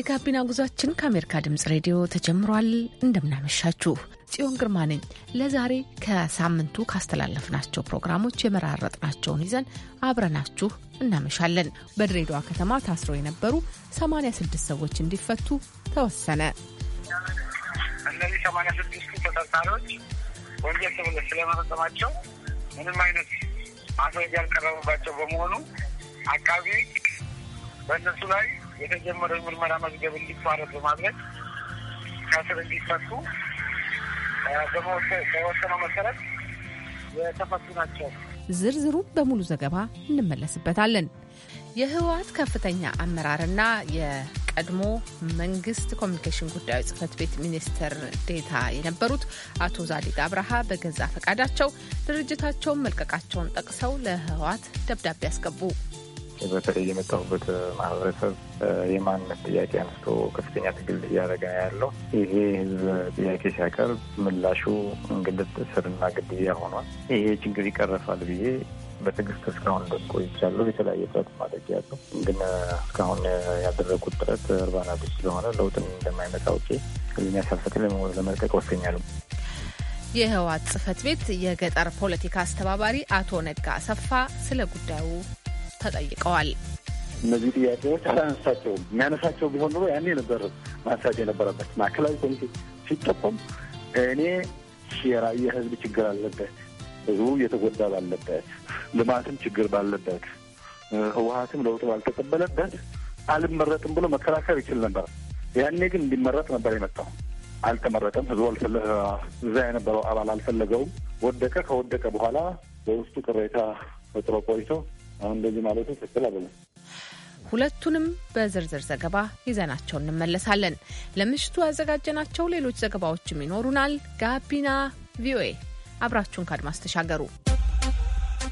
የጋቢና ጉዟችን ከአሜሪካ ድምፅ ሬዲዮ ተጀምሯል። እንደምናመሻችሁ ጽዮን ግርማ ነኝ። ለዛሬ ከሳምንቱ ካስተላለፍናቸው ፕሮግራሞች የመራረጥናቸውን ይዘን አብረናችሁ እናመሻለን። በድሬዳዋ ከተማ ታስረው የነበሩ 86 ሰዎች እንዲፈቱ ተወሰነ። እነዚህ 86ቱ ተጠርጣሪዎች ወንጀል ተብለው ስለመፈጸማቸው ምንም አይነት ማስረጃ ያልቀረበባቸው በመሆኑ አቃቢ በእነሱ ላይ የተጀመረው የምርመራ መዝገብ እንዲቋረጥ በማድረግ ከእስር እንዲፈቱ በወሰነው መሰረት የተፈቱ ናቸው። ዝርዝሩ በሙሉ ዘገባ እንመለስበታለን። የህወሀት ከፍተኛ አመራርና የቀድሞ መንግስት ኮሚኒኬሽን ጉዳዮች ጽህፈት ቤት ሚኒስትር ዴታ የነበሩት አቶ ዛዲግ አብርሃ በገዛ ፈቃዳቸው ድርጅታቸውን መልቀቃቸውን ጠቅሰው ለህወሀት ደብዳቤ ያስገቡ በተለይ የመጣሁበት ማህበረሰብ የማንነት ጥያቄ አንስቶ ከፍተኛ ትግል እያደረገ ያለው ይሄ ህዝብ ጥያቄ ሲያቀርብ ምላሹ እንግልት፣ እስርና ግድያ ሆኗል። ይሄ ችግር ይቀረፋል ብዬ በትዕግስት እስካሁን ድረስ ቆይቻለሁ። የተለያየ ጥረት ማድረግ ያለው ግን እስካሁን ያደረጉት ጥረት እርባና ቢስ ስለሆነ ለውጥን እንደማይመጣ አውቄ ህዝብ ያሳፈቅል ለመልቀቅ ወሰኛለሁ። የህወሓት ጽህፈት ቤት የገጠር ፖለቲካ አስተባባሪ አቶ ነጋ አሰፋ ስለ ጉዳዩ ተጠይቀዋል። እነዚህ ጥያቄዎች አላነሳቸውም። የሚያነሳቸው ቢሆን ኖሮ ያኔ ነበር ማንሳት የነበረበት። ማዕከላዊ ኮሚቴ ሲጠቆም እኔ የህዝብ ችግር አለበት፣ ህዝቡ እየተጎዳ ባለበት፣ ልማትም ችግር ባለበት፣ ህወሀትም ለውጥ ባልተቀበለበት አልመረጥም ብሎ መከራከር ይችል ነበር። ያኔ ግን እንዲመረጥ ነበር የመጣው። አልተመረጠም። ህዝቡ እዛ የነበረው አባል አልፈለገውም፣ ወደቀ። ከወደቀ በኋላ በውስጡ ቅሬታ ፈጥሮ ቆይቶ አሁን እንደዚህ ማለቱ ትክክል አይደለም። ሁለቱንም በዝርዝር ዘገባ ይዘናቸው እንመለሳለን። ለምሽቱ ያዘጋጀናቸው ሌሎች ዘገባዎችም ይኖሩናል። ጋቢና ቪኦኤ አብራችሁን ከአድማስ ተሻገሩ።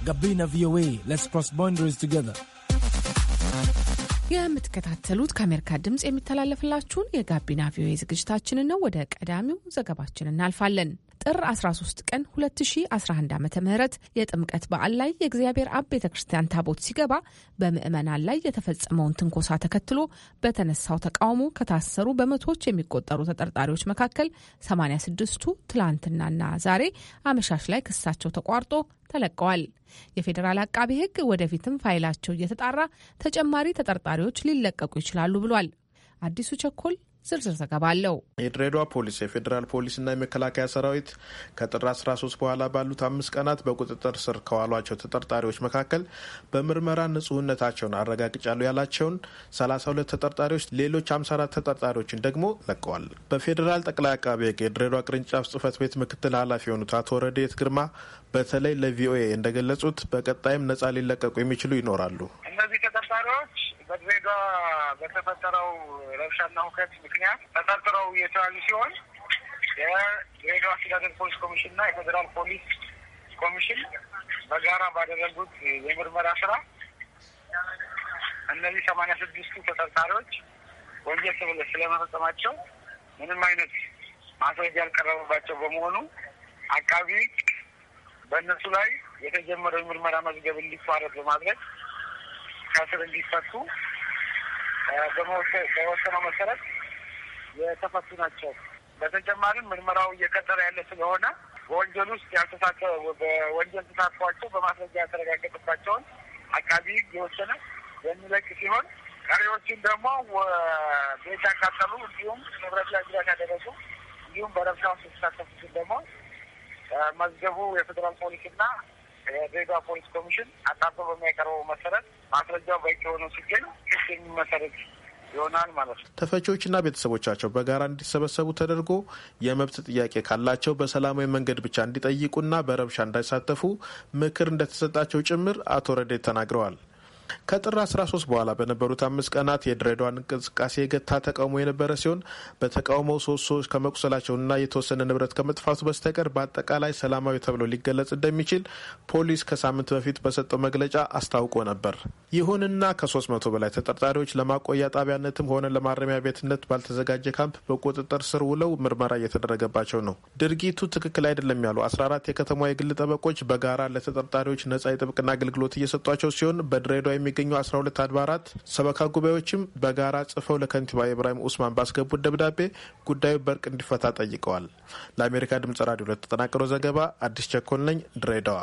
ጋቢና ቪኦኤ ሌትስ ክሮስ ቦንደሪስ ቱጌዘር። የምትከታተሉት ከአሜሪካ ድምፅ የሚተላለፍላችሁን የጋቢና ቪኦኤ ዝግጅታችንን ነው። ወደ ቀዳሚው ዘገባችን እናልፋለን። ጥር 13 ቀን 2011 ዓ ም የጥምቀት በዓል ላይ የእግዚአብሔር አብ ቤተ ክርስቲያን ታቦት ሲገባ በምዕመናን ላይ የተፈጸመውን ትንኮሳ ተከትሎ በተነሳው ተቃውሞ ከታሰሩ በመቶዎች የሚቆጠሩ ተጠርጣሪዎች መካከል 86ቱ ትላንትናና ዛሬ አመሻሽ ላይ ክሳቸው ተቋርጦ ተለቀዋል። የፌዴራል አቃቢ ሕግ ወደፊትም ፋይላቸው እየተጣራ ተጨማሪ ተጠርጣሪዎች ሊለቀቁ ይችላሉ ብሏል። አዲሱ ቸኮል ዝርዝር ዘገባ አለው። የድሬዳዋ ፖሊስ የፌዴራል ፖሊስና የመከላከያ ሰራዊት ከጥር 13 በኋላ ባሉት አምስት ቀናት በቁጥጥር ስር ከዋሏቸው ተጠርጣሪዎች መካከል በምርመራ ንጹህነታቸውን አረጋግጫሉ ያላቸውን 32 ተጠርጣሪዎች፣ ሌሎች 54 ተጠርጣሪዎችን ደግሞ ለቀዋል። በፌዴራል ጠቅላይ አቃቢ ሕግ የድሬዳዋ ቅርንጫፍ ጽህፈት ቤት ምክትል ኃላፊ የሆኑት አቶ ረዴት ግርማ በተለይ ለቪኦኤ እንደገለጹት በቀጣይም ነጻ ሊለቀቁ የሚችሉ ይኖራሉ። በድሬዳዋ በተፈጠረው ረብሻና ሁከት ምክንያት ተጠርጥረው የተያዙ ሲሆን የድሬዳዋ አስተዳደር ፖሊስ ኮሚሽንና የፌዴራል ፖሊስ ኮሚሽን በጋራ ባደረጉት የምርመራ ስራ እነዚህ ሰማንያ ስድስቱ ተጠርጣሪዎች ወንጀል ስለመፈጸማቸው ምንም አይነት ማስረጃ ያልቀረበባቸው በመሆኑ አቃቢ በእነሱ ላይ የተጀመረው የምርመራ መዝገብ እንዲፋረድ በማድረግ ከእስር እንዲፈቱ በወሰነው መሰረት የተፈቱ ናቸው። በተጨማሪም ምርመራው እየቀጠለ ያለ ስለሆነ በወንጀል ውስጥ ያልተሳተ በወንጀል ተሳትፏቸው በማስረጃ ያልተረጋገጠባቸውን አቃቢ ሕግ የወሰነ የሚለቅ ሲሆን ቀሪዎችን ደግሞ ቤት ያቃጠሉ እንዲሁም ንብረት ላይ ጉዳት ያደረሱ እንዲሁም በረብሻ ውስጥ የተሳተፉትን ደግሞ መዝገቡ የፌዴራል ፖሊስና የዜጋ ፖሊስ ኮሚሽን አጣርቶ በሚያቀርበው መሰረት ማስረጃው በቂ የሆነ ሲገኝ ክስ የሚመሰረት ይሆናል ማለት ነው። ተፈቺዎችና ቤተሰቦቻቸው በጋራ እንዲሰበሰቡ ተደርጎ የመብት ጥያቄ ካላቸው በሰላማዊ መንገድ ብቻ እንዲጠይቁና በረብሻ እንዳይሳተፉ ምክር እንደተሰጣቸው ጭምር አቶ ረዴ ተናግረዋል። ከጥር 13 በኋላ በነበሩት አምስት ቀናት የድሬዳዋን እንቅስቃሴ የገታ ተቃውሞ የነበረ ሲሆን በተቃውሞው ሶስት ሰዎች ከመቁሰላቸውና የተወሰነ ንብረት ከመጥፋቱ በስተቀር በአጠቃላይ ሰላማዊ ተብሎ ሊገለጽ እንደሚችል ፖሊስ ከሳምንት በፊት በሰጠው መግለጫ አስታውቆ ነበር። ይሁንና ከ300 በላይ ተጠርጣሪዎች ለማቆያ ጣቢያነትም ሆነ ለማረሚያ ቤትነት ባልተዘጋጀ ካምፕ በቁጥጥር ስር ውለው ምርመራ እየተደረገባቸው ነው። ድርጊቱ ትክክል አይደለም ያሉ 14 የከተማ የግል ጠበቆች በጋራ ለተጠርጣሪዎች ነጻ የጥብቅና አገልግሎት እየሰጧቸው ሲሆን በድሬዳዋ የሚገኙ አስራ ሁለት አድባራት ሰበካ ጉባኤዎችም በጋራ ጽፈው ለከንቲባ ኢብራሂም ኡስማን ባስገቡት ደብዳቤ ጉዳዩ በእርቅ እንዲፈታ ጠይቀዋል። ለአሜሪካ ድምጽ ራዲዮ ለተጠናቀረው ዘገባ አዲስ ቸኮል ነኝ ድሬዳዋ።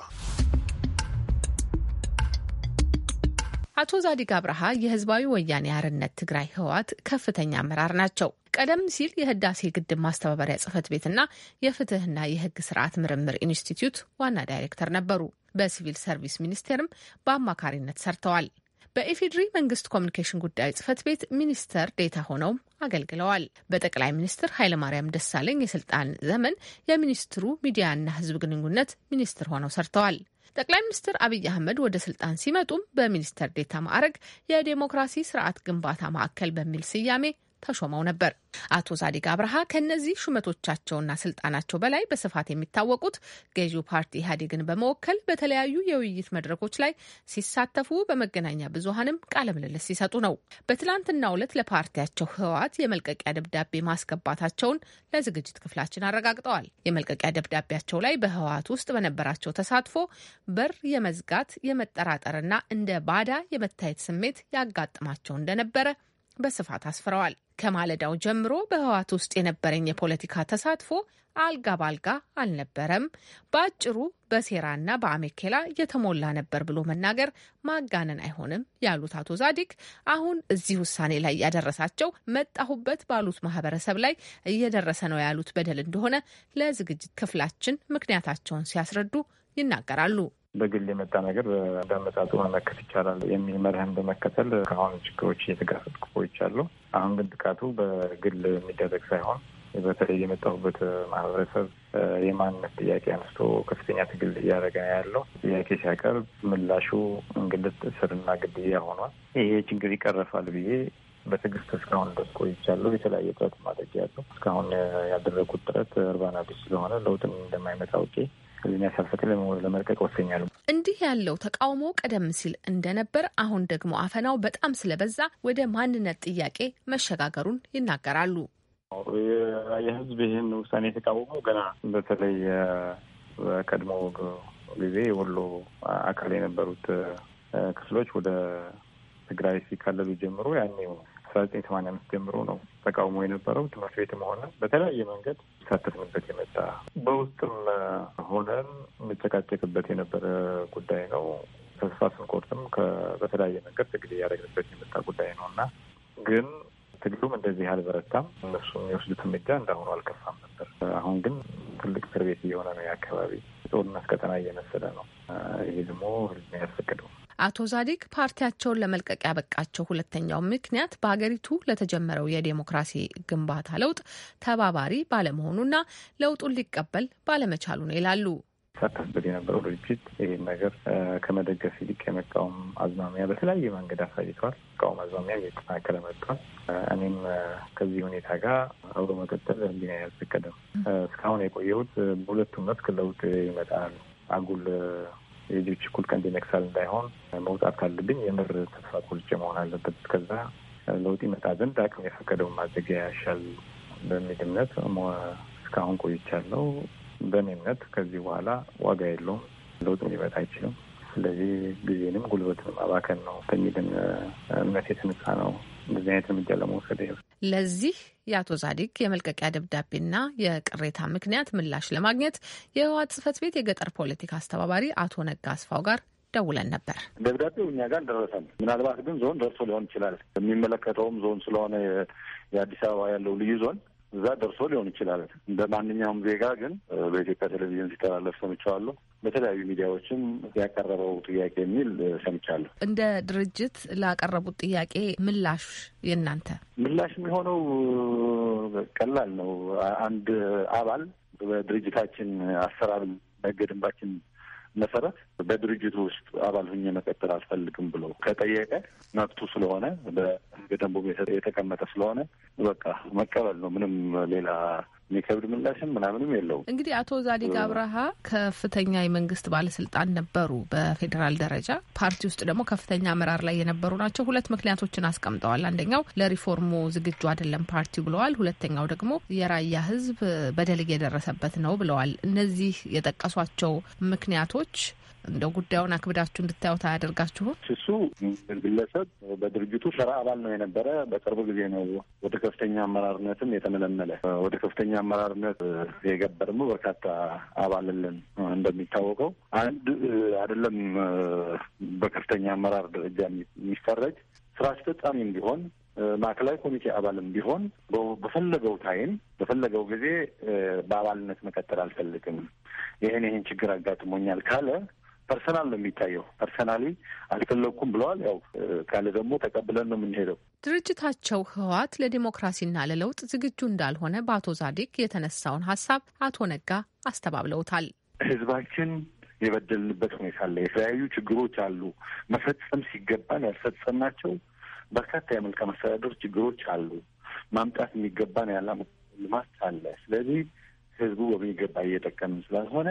አቶ ዛዲግ አብርሃ የህዝባዊ ወያኔ አርነት ትግራይ ህወሓት ከፍተኛ አመራር ናቸው። ቀደም ሲል የህዳሴ ግድብ ማስተባበሪያ ጽህፈት ቤትና የፍትህና የህግ ስርዓት ምርምር ኢንስቲትዩት ዋና ዳይሬክተር ነበሩ። በሲቪል ሰርቪስ ሚኒስቴርም በአማካሪነት ሰርተዋል። በኢፌዴሪ መንግስት ኮሚኒኬሽን ጉዳዮች ጽህፈት ቤት ሚኒስተር ዴታ ሆነውም አገልግለዋል። በጠቅላይ ሚኒስትር ኃይለማርያም ደሳለኝ የስልጣን ዘመን የሚኒስትሩ ሚዲያና ህዝብ ግንኙነት ሚኒስትር ሆነው ሰርተዋል። ጠቅላይ ሚኒስትር አብይ አህመድ ወደ ስልጣን ሲመጡም በሚኒስተር ዴታ ማዕረግ የዴሞክራሲ ስርዓት ግንባታ ማዕከል በሚል ስያሜ ተሾመው ነበር። አቶ ዛዲግ አብርሃ ከእነዚህ ሹመቶቻቸውና ስልጣናቸው በላይ በስፋት የሚታወቁት ገዢው ፓርቲ ኢህአዴግን በመወከል በተለያዩ የውይይት መድረኮች ላይ ሲሳተፉ በመገናኛ ብዙሀንም ቃለ ምልልስ ሲሰጡ ነው። በትላንትናው ዕለት ለፓርቲያቸው ህወሓት የመልቀቂያ ደብዳቤ ማስገባታቸውን ለዝግጅት ክፍላችን አረጋግጠዋል። የመልቀቂያ ደብዳቤያቸው ላይ በህወሓት ውስጥ በነበራቸው ተሳትፎ በር የመዝጋት የመጠራጠርና እንደ ባዳ የመታየት ስሜት ያጋጥማቸው እንደነበረ በስፋት አስፍረዋል። ከማለዳው ጀምሮ በህወሓት ውስጥ የነበረኝ የፖለቲካ ተሳትፎ አልጋ ባልጋ አልነበረም፣ በአጭሩ በሴራና በአሜኬላ የተሞላ ነበር ብሎ መናገር ማጋነን አይሆንም ያሉት አቶ ዛዲግ አሁን እዚህ ውሳኔ ላይ ያደረሳቸው መጣሁበት ባሉት ማህበረሰብ ላይ እየደረሰ ነው ያሉት በደል እንደሆነ ለዝግጅት ክፍላችን ምክንያታቸውን ሲያስረዱ ይናገራሉ። በግል የመጣ ነገር በአመጣጡ መመከት ይቻላል የሚል መርህን በመከተል ከአሁኑ ችግሮች እየተጋፈጥኩ ቆይቻለሁ። አሁን ግን ጥቃቱ በግል የሚደረግ ሳይሆን በተለይ የመጣሁበት ማህበረሰብ የማንነት ጥያቄ አንስቶ ከፍተኛ ትግል እያደረገ ያለው ጥያቄ ሲያቀርብ ምላሹ እንግልት፣ እስርና ግድያ ሆኗል። ይሄ ችግር ይቀረፋል ብዬ በትዕግስት እስካሁን ድረስ ቆይቻለሁ። የተለያየ ጥረት ማድረግ ያለው እስካሁን ያደረጉት ጥረት እርባና ቢስ ስለሆነ ለውጥ እንደማይመጣ አውቄ ሕሊና ሲያፈቅድ ለመልቀቅ ወሰኛሉ። እንዲህ ያለው ተቃውሞ ቀደም ሲል እንደነበር፣ አሁን ደግሞ አፈናው በጣም ስለበዛ ወደ ማንነት ጥያቄ መሸጋገሩን ይናገራሉ። የህዝብ ይህን ውሳኔ የተቃወመው ገና በተለይ በቀድሞ ጊዜ የወሎ አካል የነበሩት ክፍሎች ወደ ትግራይ ሲካለሉ ጀምሮ ያኔ አስራ ዘጠኝ ሰማንያ አምስት ጀምሮ ነው ተቃውሞ የነበረው። ትምህርት ቤትም ሆነ በተለያየ መንገድ ይሳተፍንበት የመጣ በውስጥም ሆነን እንጨቃጨቅበት የነበረ ጉዳይ ነው። ተስፋ ስንቆርጥም በተለያየ መንገድ ትግል እያደረግንበት የመጣ ጉዳይ ነው እና ግን ትግሉም እንደዚህ አልበረታም። እነሱ የሚወስዱት እርምጃ እንዳሁኑ አልከፋም ነበር። አሁን ግን ትልቅ እስር ቤት እየሆነ ነው። የአካባቢ ጦርነት ቀጠና እየመሰለ ነው። ይሄ ደግሞ ህዝብ ያስፈቅደው አቶ ዛዲግ ፓርቲያቸውን ለመልቀቅ ያበቃቸው ሁለተኛው ምክንያት በሀገሪቱ ለተጀመረው የዴሞክራሲ ግንባታ ለውጥ ተባባሪ ባለመሆኑና ለውጡን ሊቀበል ባለመቻሉ ነው ይላሉ። ሳታስበት የነበረው ድርጅት ይህን ነገር ከመደገፍ ይልቅ የመቃወም አዝማሚያ በተለያየ መንገድ አሳይተዋል። መቃወም አዝማሚያ እየተጠናከረ መጥቷል። እኔም ከዚህ ሁኔታ ጋር አብሮ መቀጠል ህሊና ያልፈቀደም። እስካሁን የቆየሁት በሁለቱም መስክ ለውጥ ይመጣል አጉል የልጆች እኩል ቀንድ የመክሳል እንዳይሆን መውጣት ካለብኝ የምር ተስፋ ቆርጬ መሆን አለበት። እስከዛ ለውጥ ይመጣ ዘንድ አቅም የፈቀደው ማዘጊያ ያሻል በሚል እምነት እስካሁን ቆይቻለሁ። በእኔ እምነት ከዚህ በኋላ ዋጋ የለውም፣ ለውጥ ሊመጣ አይችልም። ስለዚህ ጊዜንም ጉልበትም አባከን ነው በሚል እምነት የተነሳ ነው እንደዚህ አይነት እርምጃ ለመውሰድ ይል ለዚህ የአቶ ዛዲግ የመልቀቂያ ደብዳቤና የቅሬታ ምክንያት ምላሽ ለማግኘት የህወሓት ጽህፈት ቤት የገጠር ፖለቲካ አስተባባሪ አቶ ነጋ አስፋው ጋር ደውለን ነበር። ደብዳቤው እኛ ጋር ደረሰን። ምናልባት ግን ዞን ደርሶ ሊሆን ይችላል። የሚመለከተውም ዞን ስለሆነ የአዲስ አበባ ያለው ልዩ ዞን እዛ ደርሶ ሊሆን ይችላል። እንደ ማንኛውም ዜጋ ግን በኢትዮጵያ ቴሌቪዥን ሲተላለፍ ሰምቼዋለሁ። በተለያዩ ሚዲያዎችም ያቀረበው ጥያቄ የሚል ሰምቻለሁ። እንደ ድርጅት ላቀረቡት ጥያቄ ምላሽ የእናንተ ምላሽ የሚሆነው ቀላል ነው። አንድ አባል በድርጅታችን አሰራር ህገ ደንባችን መሰረት በድርጅቱ ውስጥ አባል ሁኜ መቀጠል አልፈልግም ብሎ ከጠየቀ መብቱ ስለሆነ በህገ ደንቡ የተቀመጠ ስለሆነ በቃ መቀበል ነው። ምንም ሌላ የሚከብድ ምላሽም ምናምንም የለውም። እንግዲህ አቶ ዛዲግ አብርሃ ከፍተኛ የመንግስት ባለስልጣን ነበሩ በፌዴራል ደረጃ ፓርቲ ውስጥ ደግሞ ከፍተኛ አመራር ላይ የነበሩ ናቸው። ሁለት ምክንያቶችን አስቀምጠዋል። አንደኛው ለሪፎርሙ ዝግጁ አይደለም ፓርቲው ብለዋል። ሁለተኛው ደግሞ የራያ ህዝብ በደል የደረሰበት ነው ብለዋል። እነዚህ የጠቀሷቸው ምክንያቶች እንደ ጉዳዩን አክብዳችሁ እንድታዩት አያደርጋችሁም? እሱ ግለሰብ በድርጅቱ ስራ አባል ነው የነበረ። በቅርብ ጊዜ ነው ወደ ከፍተኛ አመራርነትም የተመለመለ። ወደ ከፍተኛ አመራርነት የገባ ደግሞ በርካታ አባል አለን። እንደሚታወቀው አንድ አይደለም በከፍተኛ አመራር ደረጃ የሚፈረጅ ስራ አስፈጻሚም ቢሆን ማዕከላዊ ኮሚቴ አባልም ቢሆን በፈለገው ታይም በፈለገው ጊዜ በአባልነት መቀጠል አልፈልግም፣ ይህን ይህን ችግር አጋጥሞኛል ካለ ፐርሰናል ነው የሚታየው። ፐርሰናሊ አልፈለኩም ብለዋል። ያው ካለ ደግሞ ተቀብለን ነው የምንሄደው። ድርጅታቸው ህወሓት ለዲሞክራሲና ለለውጥ ዝግጁ እንዳልሆነ በአቶ ዛዲግ የተነሳውን ሀሳብ አቶ ነጋ አስተባብለውታል። ህዝባችን የበደልንበት ሁኔታ አለ። የተለያዩ ችግሮች አሉ። መፈጸም ሲገባን ያልፈጸምናቸው በርካታ የመልካም አስተዳደር ችግሮች አሉ። ማምጣት የሚገባን ያለ ልማት አለ። ስለዚህ ህዝቡ በሚገባ እየጠቀምን ስላልሆነ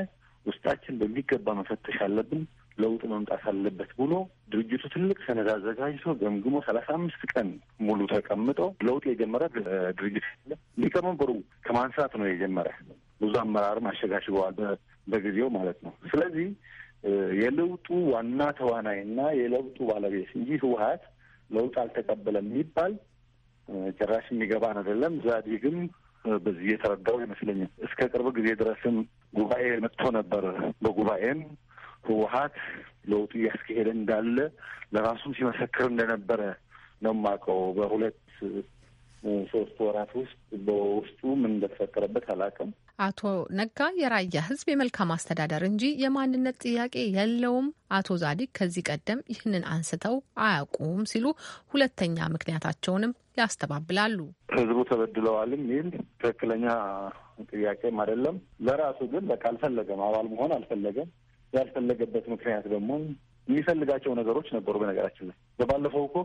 ውስጣችን በሚገባ መፈተሽ አለብን፣ ለውጥ መምጣት አለበት ብሎ ድርጅቱ ትልቅ ሰነድ አዘጋጅቶ ገምግሞ ሰላሳ አምስት ቀን ሙሉ ተቀምጦ ለውጥ የጀመረ ድርጅት ሊቀመንበሩ ከማንሳት ነው የጀመረ። ብዙ አመራርም አሸጋሽበዋል በጊዜው ማለት ነው። ስለዚህ የለውጡ ዋና ተዋናይና የለውጡ ባለቤት እንጂ ህወሀት ለውጥ አልተቀበለም የሚባል ጭራሽ የሚገባን አይደለም። ዛዲግም በዚህ የተረዳው ይመስለኛል። እስከ ቅርብ ጊዜ ድረስም ጉባኤ መጥቶ ነበር። በጉባኤም ህወሀት ለውጡ እያስካሄደ እንዳለ ለራሱም ሲመሰክር እንደነበረ ነው የማውቀው። በሁለት ሶስት ወራት ውስጥ በውስጡ ምን እንደተፈጠረበት አላውቅም። አቶ ነጋ የራያ ህዝብ የመልካም አስተዳደር እንጂ የማንነት ጥያቄ የለውም፣ አቶ ዛዲግ ከዚህ ቀደም ይህንን አንስተው አያውቁም ሲሉ ሁለተኛ ምክንያታቸውንም ያስተባብላሉ። ህዝቡ ተበድለዋልም ይል ትክክለኛ ጥያቄም አይደለም። ለራሱ ግን በቃ አልፈለገም፣ አባል መሆን አልፈለገም። ያልፈለገበት ምክንያት ደግሞ የሚፈልጋቸው ነገሮች ነበሩ። በነገራችን ላይ በባለፈው እኮ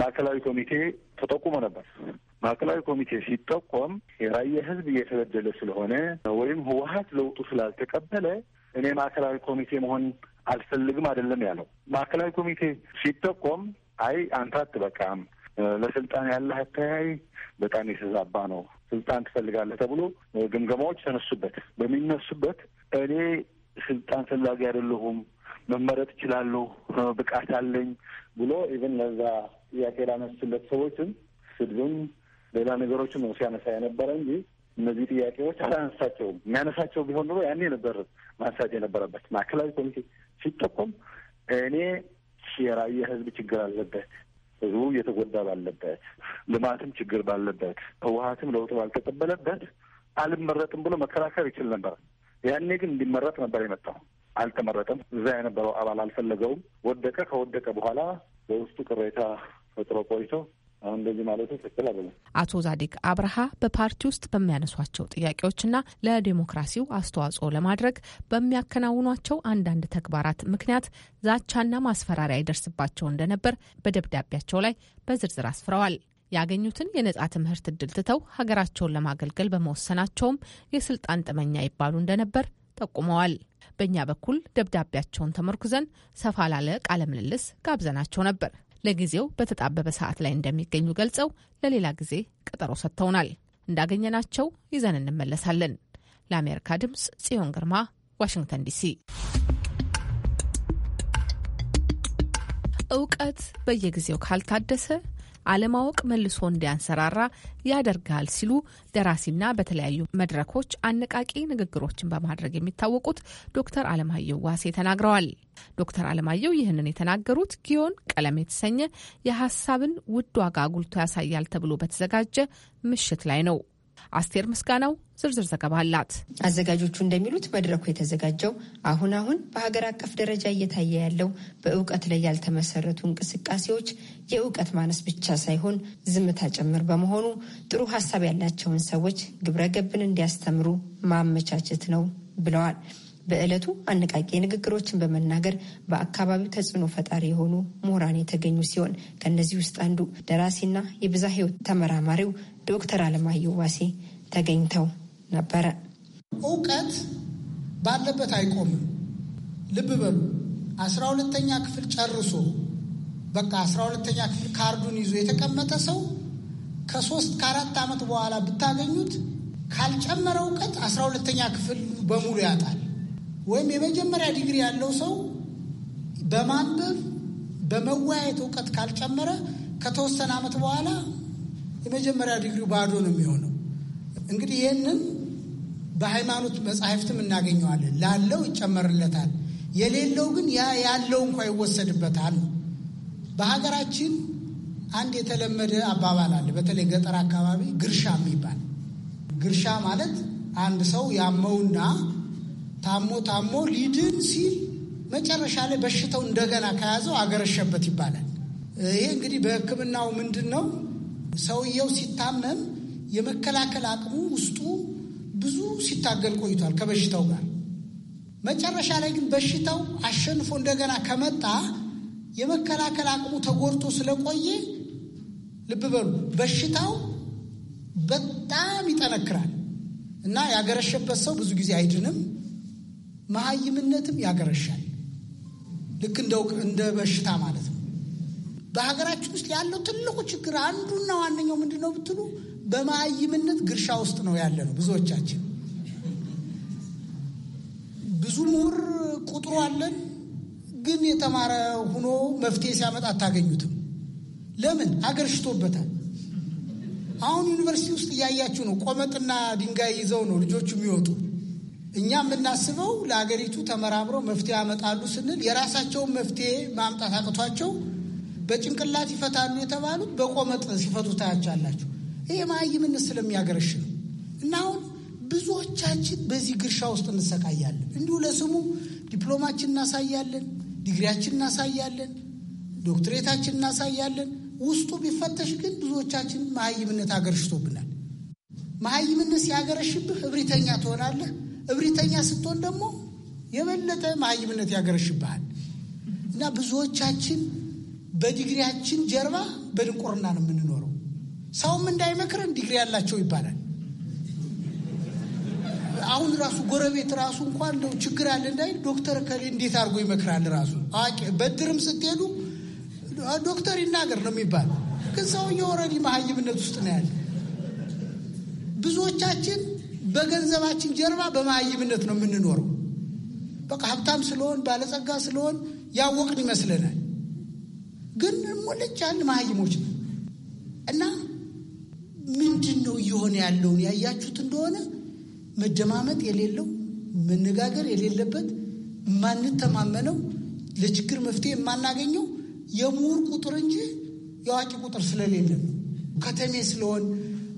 ማዕከላዊ ኮሚቴ ተጠቁሞ ነበር። ማዕከላዊ ኮሚቴ ሲጠቆም የራየ ህዝብ እየተበደለ ስለሆነ ወይም ህወሀት ለውጡ ስላልተቀበለ እኔ ማዕከላዊ ኮሚቴ መሆን አልፈልግም አይደለም ያለው። ማዕከላዊ ኮሚቴ ሲጠቆም አይ አንተ አትበቃም፣ ለስልጣን ያለህ አተያይ በጣም የተዛባ ነው፣ ስልጣን ትፈልጋለህ ተብሎ ግምገማዎች ተነሱበት። በሚነሱበት እኔ ስልጣን ፈላጊ አይደለሁም መመረጥ ይችላሉ፣ ብቃት አለኝ ብሎ ኢቨን ለዛ ጥያቄ ላነሱለት ሰዎችም ስድብም ሌላ ነገሮችም ነው ሲያነሳ የነበረ እንጂ እነዚህ ጥያቄዎች አላነሳቸውም። የሚያነሳቸው ቢሆን ኑሮ ያኔ ነበር ማንሳት የነበረበት። ማዕከላዊ ኮሚቴ ሲጠቆም እኔ የራየ ህዝብ ችግር አለበት ህዝቡ እየተጎዳ ባለበት፣ ልማትም ችግር ባለበት፣ ህወሀትም ለውጥ ባልተቀበለበት አልመረጥም ብሎ መከራከር ይችል ነበር። ያኔ ግን እንዲመረጥ ነበር የመጣው። አልተመረጠም። እዛ የነበረው አባል አልፈለገውም። ወደቀ። ከወደቀ በኋላ በውስጡ ቅሬታ ፈጥሮ ቆይቶ አሁን እንደዚህ ማለቱ ትክክል አይደለም። አቶ ዛዲግ አብርሃ በፓርቲ ውስጥ በሚያነሷቸው ጥያቄዎችና ለዴሞክራሲው አስተዋጽኦ ለማድረግ በሚያከናውኗቸው አንዳንድ ተግባራት ምክንያት ዛቻና ማስፈራሪያ ይደርስባቸው እንደነበር በደብዳቤያቸው ላይ በዝርዝር አስፍረዋል። ያገኙትን የነጻ ትምህርት እድል ትተው ሀገራቸውን ለማገልገል በመወሰናቸውም የስልጣን ጥመኛ ይባሉ እንደነበር ጠቁመዋል። በእኛ በኩል ደብዳቤያቸውን ተመርኩዘን ሰፋ ላለ ቃለ ምልልስ ጋብዘናቸው ነበር። ለጊዜው በተጣበበ ሰዓት ላይ እንደሚገኙ ገልጸው ለሌላ ጊዜ ቀጠሮ ሰጥተውናል። እንዳገኘናቸው ይዘን እንመለሳለን። ለአሜሪካ ድምፅ ጽዮን ግርማ፣ ዋሽንግተን ዲሲ። እውቀት በየጊዜው ካልታደሰ አለማወቅ መልሶ እንዲያንሰራራ ያደርጋል ሲሉ ደራሲና በተለያዩ መድረኮች አነቃቂ ንግግሮችን በማድረግ የሚታወቁት ዶክተር አለማየሁ ዋሴ ተናግረዋል። ዶክተር አለማየሁ ይህንን የተናገሩት ጊዮን ቀለም የተሰኘ የሀሳብን ውድ ዋጋ አጉልቶ ያሳያል ተብሎ በተዘጋጀ ምሽት ላይ ነው። አስቴር ምስጋናው ዝርዝር ዘገባ አላት። አዘጋጆቹ እንደሚሉት መድረኩ የተዘጋጀው አሁን አሁን በሀገር አቀፍ ደረጃ እየታየ ያለው በእውቀት ላይ ያልተመሰረቱ እንቅስቃሴዎች የእውቀት ማነስ ብቻ ሳይሆን ዝምታ ጭምር በመሆኑ ጥሩ ሀሳብ ያላቸውን ሰዎች ግብረ ገብን እንዲያስተምሩ ማመቻቸት ነው ብለዋል። በዕለቱ አነቃቂ ንግግሮችን በመናገር በአካባቢው ተጽዕኖ ፈጣሪ የሆኑ ምሁራን የተገኙ ሲሆን ከእነዚህ ውስጥ አንዱ ደራሲና የብዝሃ ሕይወት ተመራማሪው ዶክተር አለማየሁ ዋሴ ተገኝተው ነበረ። እውቀት ባለበት አይቆምም። ልብ በሉ። አስራ ሁለተኛ ክፍል ጨርሶ በቃ አስራ ሁለተኛ ክፍል ካርዱን ይዞ የተቀመጠ ሰው ከሶስት ከአራት ዓመት በኋላ ብታገኙት ካልጨመረ እውቀት አስራ ሁለተኛ ክፍል በሙሉ ያጣል። ወይም የመጀመሪያ ዲግሪ ያለው ሰው በማንበብ በመወያየት እውቀት ካልጨመረ ከተወሰነ ዓመት በኋላ የመጀመሪያ ዲግሪው ባዶ ነው የሚሆነው። እንግዲህ ይህንን በሃይማኖት መጽሐፍትም እናገኘዋለን። ላለው ይጨመርለታል፣ የሌለው ግን ያ ያለው እንኳ ይወሰድበታል። በሀገራችን አንድ የተለመደ አባባል አለ። በተለይ ገጠር አካባቢ ግርሻ የሚባል ግርሻ ማለት አንድ ሰው ያመውና ታሞ ታሞ ሊድን ሲል መጨረሻ ላይ በሽታው እንደገና ከያዘው አገረሸበት ይባላል። ይሄ እንግዲህ በሕክምናው ምንድን ነው ሰውየው ሲታመም የመከላከል አቅሙ ውስጡ ብዙ ሲታገል ቆይቷል ከበሽታው ጋር። መጨረሻ ላይ ግን በሽታው አሸንፎ እንደገና ከመጣ የመከላከል አቅሙ ተጎድቶ ስለቆየ ልብ በሉ በሽታው በጣም ይጠነክራል እና ያገረሸበት ሰው ብዙ ጊዜ አይድንም። መሀይምነትም ያገረሻል። ልክ እንደ በሽታ ማለት ነው። በሀገራችን ውስጥ ያለው ትልቁ ችግር አንዱና ዋነኛው ምንድን ነው ብትሉ በማይምነት ግርሻ ውስጥ ነው ያለ ነው። ብዙዎቻችን ብዙ ምሁር ቁጥሩ አለን፣ ግን የተማረ ሆኖ መፍትሄ ሲያመጣ አታገኙትም። ለምን? ሀገር ሽቶበታል። አሁን ዩኒቨርሲቲ ውስጥ እያያችሁ ነው። ቆመጥና ድንጋይ ይዘው ነው ልጆቹ የሚወጡ። እኛ የምናስበው ለሀገሪቱ ተመራምረው መፍትሄ ያመጣሉ ስንል የራሳቸውን መፍትሄ ማምጣት አቅቷቸው በጭንቅላት ይፈታሉ የተባሉት በቆመጥ ሲፈቱ ታያቻላችሁ። ይሄ መሀይምነት ስለሚያገረሽ ነው። እና አሁን ብዙዎቻችን በዚህ ግርሻ ውስጥ እንሰቃያለን። እንዲሁ ለስሙ ዲፕሎማችን እናሳያለን፣ ዲግሪያችን እናሳያለን፣ ዶክትሬታችን እናሳያለን። ውስጡ ቢፈተሽ ግን ብዙዎቻችን መሀይምነት አገርሽቶብናል። መሀይምነት ሲያገረሽብህ እብሪተኛ ትሆናለህ። እብሪተኛ ስትሆን ደግሞ የበለጠ መሀይምነት ያገረሽብሃል እና ብዙዎቻችን በዲግሪያችን ጀርባ በድንቁርና ነው የምንኖረው። ሰውም እንዳይመክረን ዲግሪ ያላቸው ይባላል። አሁን ራሱ ጎረቤት ራሱ እንኳን እንደው ችግር አለ እንዳይል ዶክተር ከሌ እንዴት አድርጎ ይመክራል። ራሱ አዋቂ በድርም ስትሄዱ ዶክተር ይናገር ነው የሚባል ግን ሰውዬው ኦልሬዲ መሀይምነት ውስጥ ነው ያለ። ብዙዎቻችን በገንዘባችን ጀርባ በመሀይምነት ነው የምንኖረው። በቃ ሀብታም ስለሆን ባለጸጋ ስለሆን ያወቅን ይመስለናል። ግን ሞልጭ ያል መሀይሞች ነው እና ምንድን ነው እየሆነ ያለውን ያያችሁት እንደሆነ መደማመጥ የሌለው መነጋገር የሌለበት የማንተማመነው ለችግር መፍትሄ የማናገኘው የምሁር ቁጥር እንጂ የአዋቂ ቁጥር ስለሌለ ነው። ከተሜ ስለሆን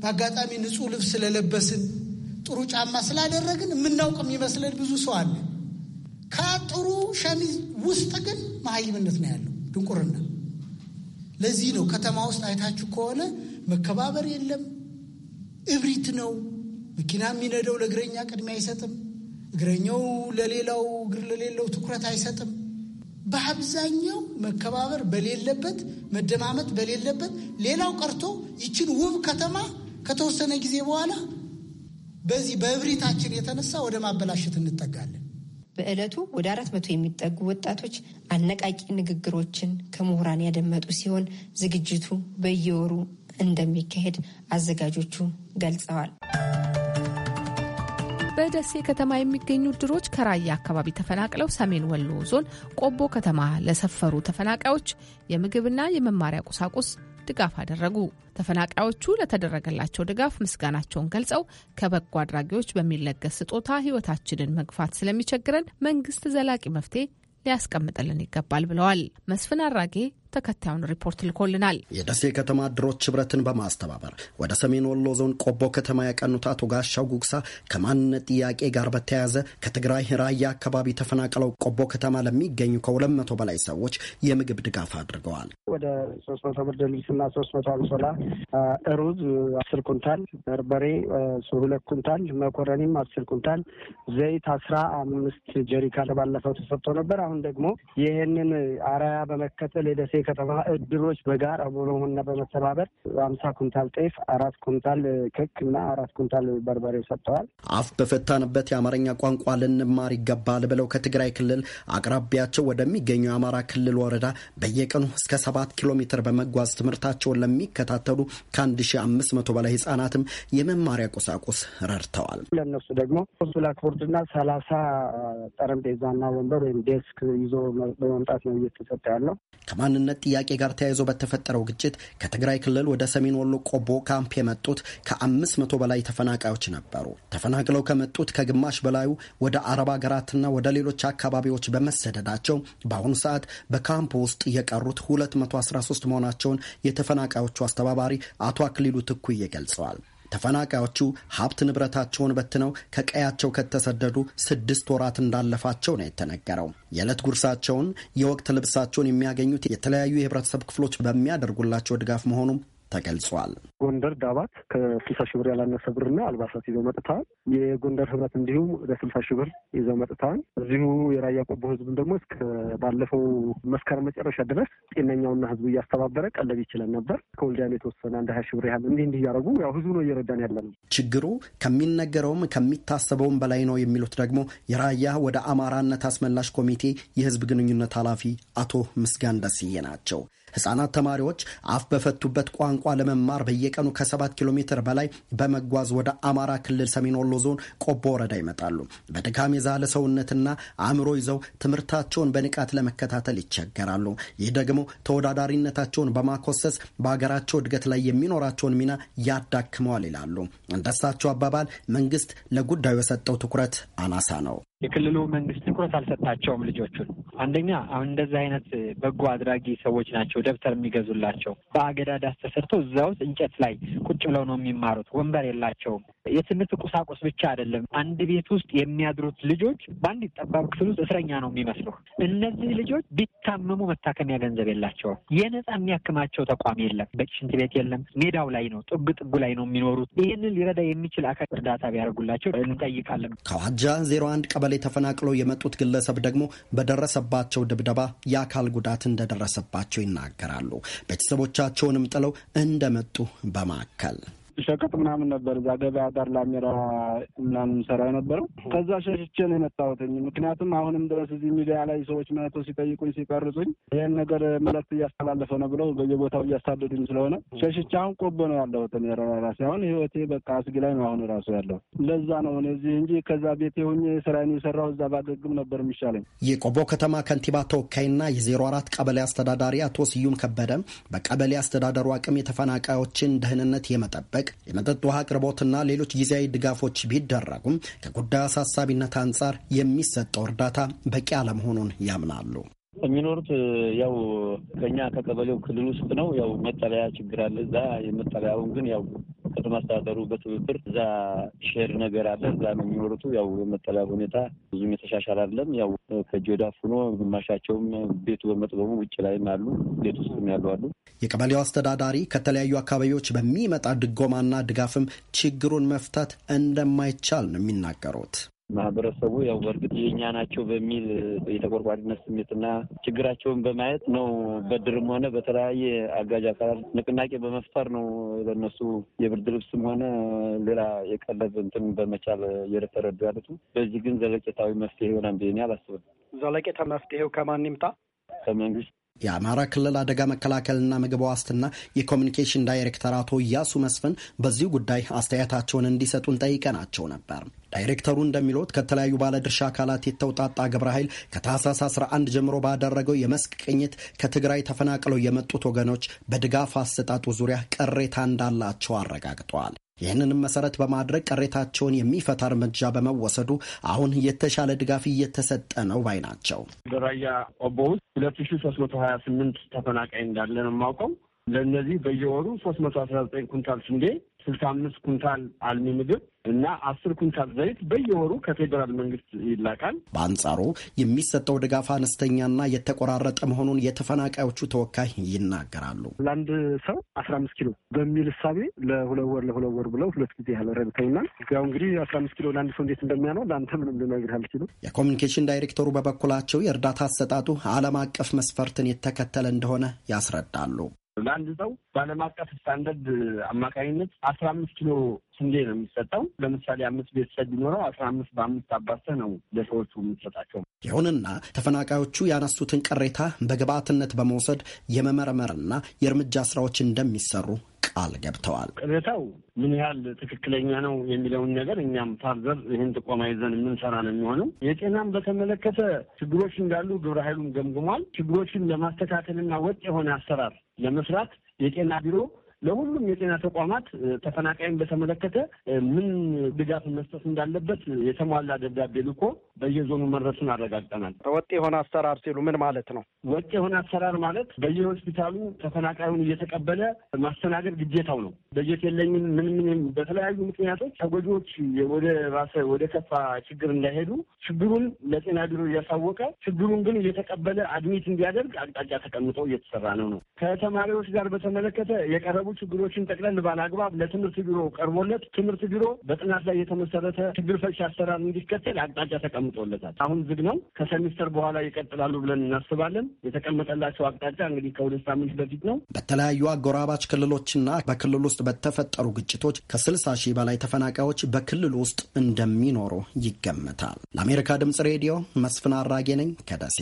በአጋጣሚ ንጹህ ልብስ ስለለበስን ጥሩ ጫማ ስላደረግን የምናውቅ የሚመስለን ብዙ ሰው አለ። ከጥሩ ሸሚዝ ውስጥ ግን መሀይምነት ነው ያለው ድንቁርና ለዚህ ነው ከተማ ውስጥ አይታችሁ ከሆነ መከባበር የለም። እብሪት ነው። መኪና የሚነደው ለእግረኛ ቅድሚያ አይሰጥም። እግረኛው ለሌላው እግር ለሌለው ትኩረት አይሰጥም። በአብዛኛው መከባበር በሌለበት መደማመጥ በሌለበት ሌላው ቀርቶ ይችን ውብ ከተማ ከተወሰነ ጊዜ በኋላ በዚህ በእብሪታችን የተነሳ ወደ ማበላሸት እንጠጋለን። በዕለቱ ወደ አራት መቶ የሚጠጉ ወጣቶች አነቃቂ ንግግሮችን ከምሁራን ያደመጡ ሲሆን ዝግጅቱ በየወሩ እንደሚካሄድ አዘጋጆቹ ገልጸዋል። በደሴ ከተማ የሚገኙ እድሮች ከራያ አካባቢ ተፈናቅለው ሰሜን ወሎ ዞን ቆቦ ከተማ ለሰፈሩ ተፈናቃዮች የምግብና የመማሪያ ቁሳቁስ ድጋፍ አደረጉ። ተፈናቃዮቹ ለተደረገላቸው ድጋፍ ምስጋናቸውን ገልጸው ከበጎ አድራጊዎች በሚለገስ ስጦታ ሕይወታችንን መግፋት ስለሚቸግረን መንግስት ዘላቂ መፍትሄ ሊያስቀምጥልን ይገባል ብለዋል። መስፍን አራጌ ተከታዩን ሪፖርት ልኮልናል። የደሴ ከተማ እድሮች ህብረትን በማስተባበር ወደ ሰሜን ወሎ ዞን ቆቦ ከተማ ያቀኑት አቶ ጋሻው ጉግሳ ከማንነት ጥያቄ ጋር በተያያዘ ከትግራይ ራያ አካባቢ ተፈናቅለው ቆቦ ከተማ ለሚገኙ ከሁለት መቶ በላይ ሰዎች የምግብ ድጋፍ አድርገዋል። ወደ ሶስት መቶ ብርድ ልብስና ሶስት መቶ አንሶላ፣ እሩዝ አስር ኩንታል፣ በርበሬ ሁለት ኩንታል፣ መኮረኒም አስር ኩንታል፣ ዘይት አስራ አምስት ጀሪካ ለባለፈው ተሰጥቶ ነበር። አሁን ደግሞ ይህንን አራያ በመከተል የደሴ የከተማ እድሮች በጋራ በመሆንና በመተባበር አምሳ ኩንታል ጤፍ፣ አራት ኩንታል ክክ እና አራት ኩንታል በርበሬ ሰጥተዋል። አፍ በፈታንበት የአማርኛ ቋንቋ ልንማር ይገባል ብለው ከትግራይ ክልል አቅራቢያቸው ወደሚገኘው የአማራ ክልል ወረዳ በየቀኑ እስከ ሰባት ኪሎ ሜትር በመጓዝ ትምህርታቸውን ለሚከታተሉ ከ መቶ በላይ ህጻናትም የመማሪያ ቁሳቁስ ረድተዋል። ለእነሱ ደግሞ ሱላ ሰላሳ ጠረጴዛና ወንበር ወይም ዴስክ ይዞ በመምጣት ነው እየተሰጠ ያለው ከማንነት ከማንነት ጥያቄ ጋር ተያይዞ በተፈጠረው ግጭት ከትግራይ ክልል ወደ ሰሜን ወሎ ቆቦ ካምፕ የመጡት ከአምስት መቶ በላይ ተፈናቃዮች ነበሩ። ተፈናቅለው ከመጡት ከግማሽ በላዩ ወደ አረብ ሀገራትና ወደ ሌሎች አካባቢዎች በመሰደዳቸው በአሁኑ ሰዓት በካምፕ ውስጥ የቀሩት 213 መሆናቸውን የተፈናቃዮቹ አስተባባሪ አቶ አክሊሉ ትኩዬ ገልጸዋል። ተፈናቃዮቹ ሀብት ንብረታቸውን በትነው ከቀያቸው ከተሰደዱ ስድስት ወራት እንዳለፋቸው ነው የተነገረው። የዕለት ጉርሳቸውን፣ የወቅት ልብሳቸውን የሚያገኙት የተለያዩ የህብረተሰብ ክፍሎች በሚያደርጉላቸው ድጋፍ መሆኑም ተገልጿል። ጎንደር ዳባት ከስልሳ ሺህ ብር ያላነሰ ብርና አልባሳት ይዘው መጥተዋል። የጎንደር ህብረት እንዲሁም ወደ ስልሳ ሺህ ብር ይዘው መጥተዋል። እዚሁ የራያ ቆቦ ህዝብን ደግሞ እስከ ባለፈው መስከረም መጨረሻ ድረስ ጤነኛውና ህዝቡ እያስተባበረ ቀለብ ይችለን ነበር። ከወልዲያን የተወሰነ አንድ ሀያ ሺህ ብር ያህል እንዲህ እንዲህ እያደረጉ ያው ህዝቡ ነው እየረዳን ያለ ነው። ችግሩ ከሚነገረውም ከሚታሰበውም በላይ ነው የሚሉት ደግሞ የራያ ወደ አማራነት አስመላሽ ኮሚቴ የህዝብ ግንኙነት ኃላፊ አቶ ምስጋን ደስዬ ናቸው። ህጻናት ተማሪዎች አፍ በፈቱበት ቋንቋ ለመማር በየቀኑ ከሰባት ኪሎ ሜትር በላይ በመጓዝ ወደ አማራ ክልል ሰሜን ወሎ ዞን ቆቦ ወረዳ ይመጣሉ። በድካም የዛለ ሰውነትና አእምሮ ይዘው ትምህርታቸውን በንቃት ለመከታተል ይቸገራሉ። ይህ ደግሞ ተወዳዳሪነታቸውን በማኮሰስ በሀገራቸው እድገት ላይ የሚኖራቸውን ሚና ያዳክመዋል ይላሉ። እንደሳቸው አባባል መንግስት ለጉዳዩ የሰጠው ትኩረት አናሳ ነው። የክልሉ መንግስት ትኩረት አልሰጣቸውም ልጆቹን። አንደኛ አሁን እንደዚህ አይነት በጎ አድራጊ ሰዎች ናቸው ደብተር የሚገዙላቸው። በአገዳዳስ ተሰርተው እዛ ውስጥ እንጨት ላይ ቁጭ ብለው ነው የሚማሩት። ወንበር የላቸውም። የትምህርት ቁሳቁስ ብቻ አይደለም። አንድ ቤት ውስጥ የሚያድሩት ልጆች በአንድ ጠባብ ክፍል ውስጥ እስረኛ ነው የሚመስሉ። እነዚህ ልጆች ቢታመሙ መታከሚያ ገንዘብ የላቸውም። የነጻ የሚያክማቸው ተቋም የለም። በቂ ሽንት ቤት የለም። ሜዳው ላይ ነው፣ ጥጉ ጥጉ ላይ ነው የሚኖሩት። ይህንን ሊረዳ የሚችል አካል እርዳታ ቢያደርጉላቸው እንጠይቃለን። ከዋጃ ዜሮ አንድ ቀበሌ ተፈናቅለው የመጡት ግለሰብ ደግሞ በደረሰባቸው ድብደባ የአካል ጉዳት እንደደረሰባቸው ይናገራሉ። ቤተሰቦቻቸውንም ጥለው እንደመጡ በማከል ሸቀጥ ምናምን ነበር እዛ ገበያ ዳር ላሜራ ምናምን ሰራ የነበረው። ከዛ ሸሽቼ ነው የመጣሁትኝ። ምክንያቱም አሁንም ድረስ እዚህ ሚዲያ ላይ ሰዎች መቶ ሲጠይቁኝ ሲቀርጹኝ ይህን ነገር መልዕክት እያስተላለፈ ነው ብለው በየቦታው እያሳደዱኝ ስለሆነ ሸሽቼ አሁን ቆቦ ነው ያለሁት። ራሴ አሁን ህይወቴ በቃ አስጊ ላይ ነው አሁን ራሱ ያለው። ለዛ ነው እዚህ እንጂ ከዛ ቤቴ ሆኜ ስራዬን የሰራው እዛ ባገግም ነበር የሚሻለኝ። የቆቦ ከተማ ከንቲባ ተወካይና የዜሮ አራት ቀበሌ አስተዳዳሪ አቶ ስዩም ከበደ በቀበሌ አስተዳደሩ አቅም የተፈናቃዮችን ደህንነት የመጠበቅ ማስታጠቅ፣ የመጠጥ ውሃ አቅርቦትና ሌሎች ጊዜያዊ ድጋፎች ቢደረጉም ከጉዳዩ አሳሳቢነት አንጻር የሚሰጠው እርዳታ በቂ አለመሆኑን ያምናሉ። የሚኖሩት ያው ከኛ ከቀበሌው ክልል ውስጥ ነው። ያው መጠለያ ችግር አለ እዛ። የመጠለያውን ግን ያው ከተማ አስተዳደሩ በትብብር እዛ ሼር ነገር አለ እዛ ነው የሚኖሩት። ያው የመጠለያ ሁኔታ ብዙም የተሻሻል አይደለም። ያው ከእጅ ወደ ግማሻቸውም ቤቱ በመጥበቡ ውጭ ላይም አሉ፣ ቤት ውስጥም ያሉ አሉ። የቀበሌው አስተዳዳሪ ከተለያዩ አካባቢዎች በሚመጣ ድጎማና ድጋፍም ችግሩን መፍታት እንደማይቻል ነው የሚናገሩት። ማህበረሰቡ ያው በእርግጥ የእኛ ናቸው በሚል የተቆርቋሪነት ስሜትና ችግራቸውን በማየት ነው በድርም ሆነ በተለያየ አጋዥ አካላት ንቅናቄ በመፍጠር ነው ለነሱ የብርድ ልብስም ሆነ ሌላ የቀለብ እንትን በመቻል እየተረዱ ያሉት። በዚህ ግን ዘለቄታዊ መፍትሄ ይሆናል ብዬ አላስብም። ዘለቄታ መፍትሄው ከማን ይምጣ? ከመንግስት የአማራ ክልል አደጋ መከላከልና ምግብ ዋስትና የኮሚኒኬሽን ዳይሬክተር አቶ እያሱ መስፍን በዚሁ ጉዳይ አስተያየታቸውን እንዲሰጡን ጠይቀናቸው ነበር። ዳይሬክተሩ እንደሚሉት ከተለያዩ ባለድርሻ አካላት የተውጣጣ ግብረ ኃይል ከታህሳስ 11 ጀምሮ ባደረገው የመስክ ቅኝት ከትግራይ ተፈናቅለው የመጡት ወገኖች በድጋፍ አሰጣጡ ዙሪያ ቅሬታ እንዳላቸው አረጋግጠዋል። ይህንንም መሰረት በማድረግ ቅሬታቸውን የሚፈታ እርምጃ በመወሰዱ አሁን የተሻለ ድጋፍ እየተሰጠ ነው ባይ ናቸው። በራያ ኦቦ ውስጥ ሁለት ሺ ሶስት መቶ ሀያ ስምንት ተፈናቃይ እንዳለ ነው የማውቀው። ለእነዚህ በየወሩ ሶስት መቶ አስራ ዘጠኝ ኩንታል ስንዴ ስልሳ አምስት ኩንታል አልሚ ምግብ እና አስር ኩንታል ዘይት በየወሩ ከፌዴራል መንግስት ይላካል። በአንጻሩ የሚሰጠው ድጋፍ አነስተኛና የተቆራረጠ መሆኑን የተፈናቃዮቹ ተወካይ ይናገራሉ። ለአንድ ሰው አስራ አምስት ኪሎ በሚል እሳቤ ለሁለት ወር ለሁለት ወር ብለው ሁለት ጊዜ ያህል ረድተውናል። ያው እንግዲህ አስራ አምስት ኪሎ ለአንድ ሰው እንዴት እንደሚያነው ለአንተ ምንም ልነግርህ አልችልም። የኮሚኒኬሽን ዳይሬክተሩ በበኩላቸው የእርዳታ አሰጣጡ ዓለም አቀፍ መስፈርትን የተከተለ እንደሆነ ያስረዳሉ። ለአንድ ሰው በዓለም አቀፍ ስታንዳርድ አማካኝነት አስራ አምስት ኪሎ ስንዴ ነው የሚሰጠው። ለምሳሌ አምስት ቤተሰብ ቢኖረው አስራ አምስት በአምስት አባሰ ነው ለሰዎቹ የሚሰጣቸው። ይሁንና ተፈናቃዮቹ ያነሱትን ቅሬታ በግብዓትነት በመውሰድ የመመረመርና የእርምጃ ስራዎች እንደሚሰሩ ቃል ገብተዋል። ቅሬታው ምን ያህል ትክክለኛ ነው የሚለውን ነገር እኛም ፋርዘር ይህን ጥቆማ ይዘን የምንሰራ ነው የሚሆነው። የጤናም በተመለከተ ችግሮች እንዳሉ ግብረ ኃይሉም ገምግሟል። ችግሮችን ለማስተካከልና ወጥ የሆነ አሰራር ለመስራት የጤና ቢሮ ለሁሉም የጤና ተቋማት ተፈናቃይን በተመለከተ ምን ድጋፍ መስጠት እንዳለበት የተሟላ ደብዳቤ ልኮ በየዞኑ መድረሱን አረጋግጠናል። ወጥ የሆነ አሰራር ሲሉ ምን ማለት ነው? ወጥ የሆነ አሰራር ማለት በየሆስፒታሉ ተፈናቃዩን እየተቀበለ ማስተናገድ ግዴታው ነው። በጀት የለኝም ምን በተለያዩ ምክንያቶች ተጎጂዎች ወደ ራሰ ወደ ከፋ ችግር እንዳይሄዱ ችግሩን ለጤና ቢሮ እያሳወቀ ችግሩን ግን እየተቀበለ አድሚት እንዲያደርግ አቅጣጫ ተቀምጦ እየተሰራ ነው ነው ከተማሪዎች ጋር በተመለከተ የቀረቡ ችግሮችን ጠቅለን ባለአግባብ ለትምህርት ቢሮ ቀርቦለት ትምህርት ቢሮ በጥናት ላይ የተመሰረተ ችግር ፈች አሰራር እንዲከተል አቅጣጫ ተቀምጦለታል። አሁን ዝግ ነው። ከሰሚስተር በኋላ ይቀጥላሉ ብለን እናስባለን። የተቀመጠላቸው አቅጣጫ እንግዲህ ከሁለት ሳምንት በፊት ነው። በተለያዩ አጎራባች ክልሎችና በክልል ውስጥ በተፈጠሩ ግጭቶች ከስልሳ ሺህ በላይ ተፈናቃዮች በክልል ውስጥ እንደሚኖሩ ይገመታል። ለአሜሪካ ድምጽ ሬዲዮ መስፍን አራጌ ነኝ ከደሴ።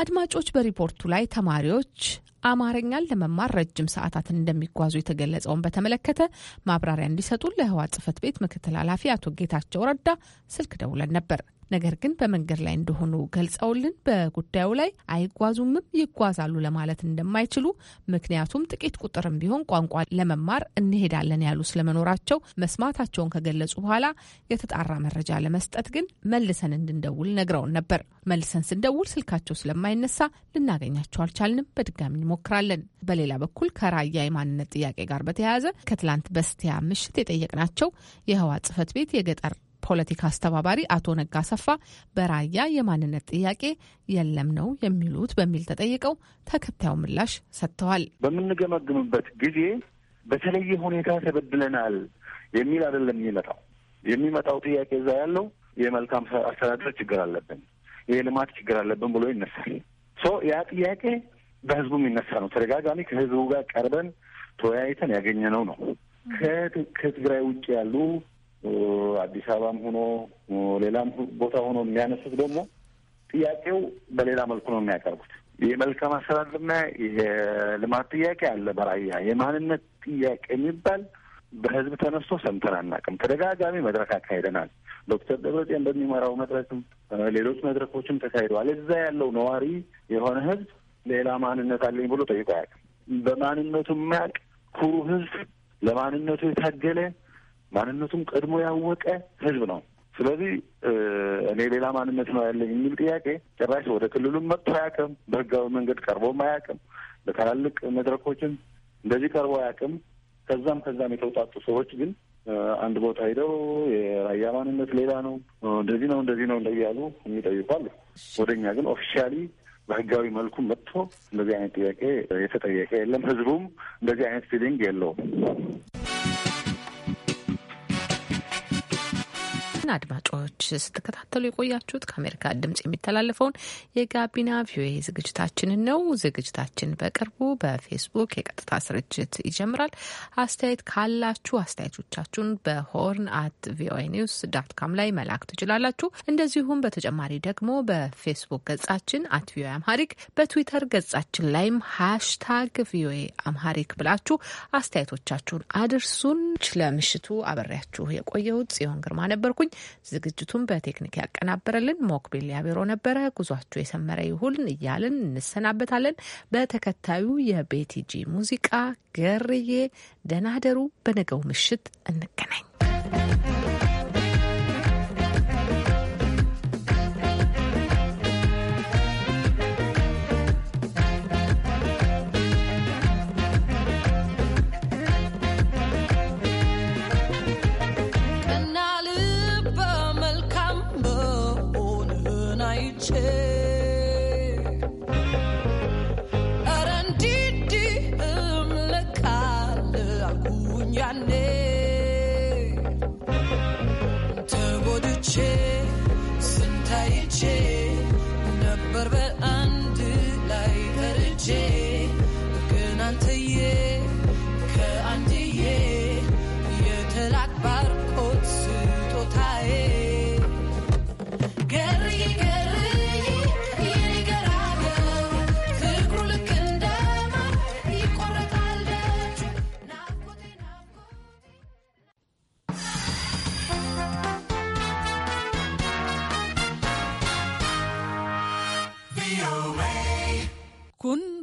አድማጮች በሪፖርቱ ላይ ተማሪዎች አማርኛን ለመማር ረጅም ሰዓታትን እንደሚጓዙ የተገለጸውን በተመለከተ ማብራሪያ እንዲሰጡ ለህዋ ጽህፈት ቤት ምክትል ኃላፊ አቶ ጌታቸው ረዳ ስልክ ደውለን ነበር። ነገር ግን በመንገድ ላይ እንደሆኑ ገልጸውልን በጉዳዩ ላይ አይጓዙምም ይጓዛሉ ለማለት እንደማይችሉ ምክንያቱም ጥቂት ቁጥርም ቢሆን ቋንቋ ለመማር እንሄዳለን ያሉ ስለመኖራቸው መስማታቸውን ከገለጹ በኋላ የተጣራ መረጃ ለመስጠት ግን መልሰን እንድንደውል ነግረውን ነበር። መልሰን ስንደውል ስልካቸው ስለማይነሳ ልናገኛቸው አልቻልንም። በድጋሚ እንሞክራለን። በሌላ በኩል ከራያ የማንነት ጥያቄ ጋር በተያያዘ ከትላንት በስቲያ ምሽት የጠየቅናቸው የህዋ ጽህፈት ቤት የገጠር ፖለቲካ አስተባባሪ አቶ ነጋ ሰፋ በራያ የማንነት ጥያቄ የለም ነው የሚሉት በሚል ተጠይቀው ተከታዩ ምላሽ ሰጥተዋል። በምንገመግምበት ጊዜ በተለየ ሁኔታ ተበድለናል የሚል አይደለም የሚመጣው የሚመጣው ጥያቄ እዛ ያለው የመልካም አስተዳደር ችግር አለብን፣ የልማት ችግር አለብን ብሎ ይነሳል። ሶ ያ ጥያቄ በህዝቡ የሚነሳ ነው። ተደጋጋሚ ከህዝቡ ጋር ቀርበን ተወያይተን ያገኘነው ነው ከትግራይ ውጭ ያሉ አዲስ አበባም ሆኖ ሌላም ቦታ ሆኖ የሚያነሱት ደግሞ ጥያቄው በሌላ መልኩ ነው የሚያቀርቡት። የመልካም አሰራርና የልማት ጥያቄ አለ በራያ የማንነት ጥያቄ የሚባል በህዝብ ተነስቶ ሰምተን አናውቅም። ተደጋጋሚ መድረክ አካሄደናል። ዶክተር ደብረጤን በሚመራው መድረክም ሌሎች መድረኮችም ተካሂደዋል። እዛ ያለው ነዋሪ የሆነ ህዝብ ሌላ ማንነት አለኝ ብሎ ጠይቆ አያውቅም። በማንነቱ የማያውቅ ኩሩ ህዝብ ለማንነቱ የታገለ ማንነቱም ቀድሞ ያወቀ ህዝብ ነው። ስለዚህ እኔ ሌላ ማንነት ነው ያለኝ የሚል ጥያቄ ጭራሽ ወደ ክልሉም መጥቶ አያውቅም። በህጋዊ መንገድ ቀርቦም አያውቅም። በትላልቅ መድረኮችም እንደዚህ ቀርቦ አያውቅም። ከዛም ከዛም የተውጣጡ ሰዎች ግን አንድ ቦታ ሄደው የራያ ማንነት ሌላ ነው፣ እንደዚህ ነው፣ እንደዚህ ነው እንደያሉ የሚጠይቋል። ወደ እኛ ግን ኦፊሻሊ በህጋዊ መልኩ መጥቶ እንደዚህ አይነት ጥያቄ የተጠየቀ የለም። ህዝቡም እንደዚህ አይነት ፊሊንግ የለውም። አድማጭ መርጦች ስትከታተሉ የቆያችሁት ከአሜሪካ ድምጽ የሚተላለፈውን የጋቢና ቪዮኤ ዝግጅታችንን ነው። ዝግጅታችን በቅርቡ በፌስቡክ የቀጥታ ስርጭት ይጀምራል። አስተያየት ካላችሁ አስተያየቶቻችሁን በሆርን አት ቪኦኤ ኒውስ ዳት ካም ላይ መላክ ትችላላችሁ። እንደዚሁም በተጨማሪ ደግሞ በፌስቡክ ገጻችን አት ቪኦኤ አምሃሪክ፣ በትዊተር ገጻችን ላይም ሃሽታግ ቪኦኤ አምሃሪክ ብላችሁ አስተያየቶቻችሁን አድርሱን። ለምሽቱ አበሬያችሁ የቆየሁት ጽዮን ግርማ ነበርኩኝ። ዝግጅቱን በቴክኒክ ያቀናበረልን ሞክቢል ያቢሮ ነበረ። ጉዟችሁ የሰመረ ይሁን እያልን እንሰናበታለን። በተከታዩ የቤቲጂ ሙዚቃ ገርዬ ደናደሩ፣ በነገው ምሽት እንገናኝ።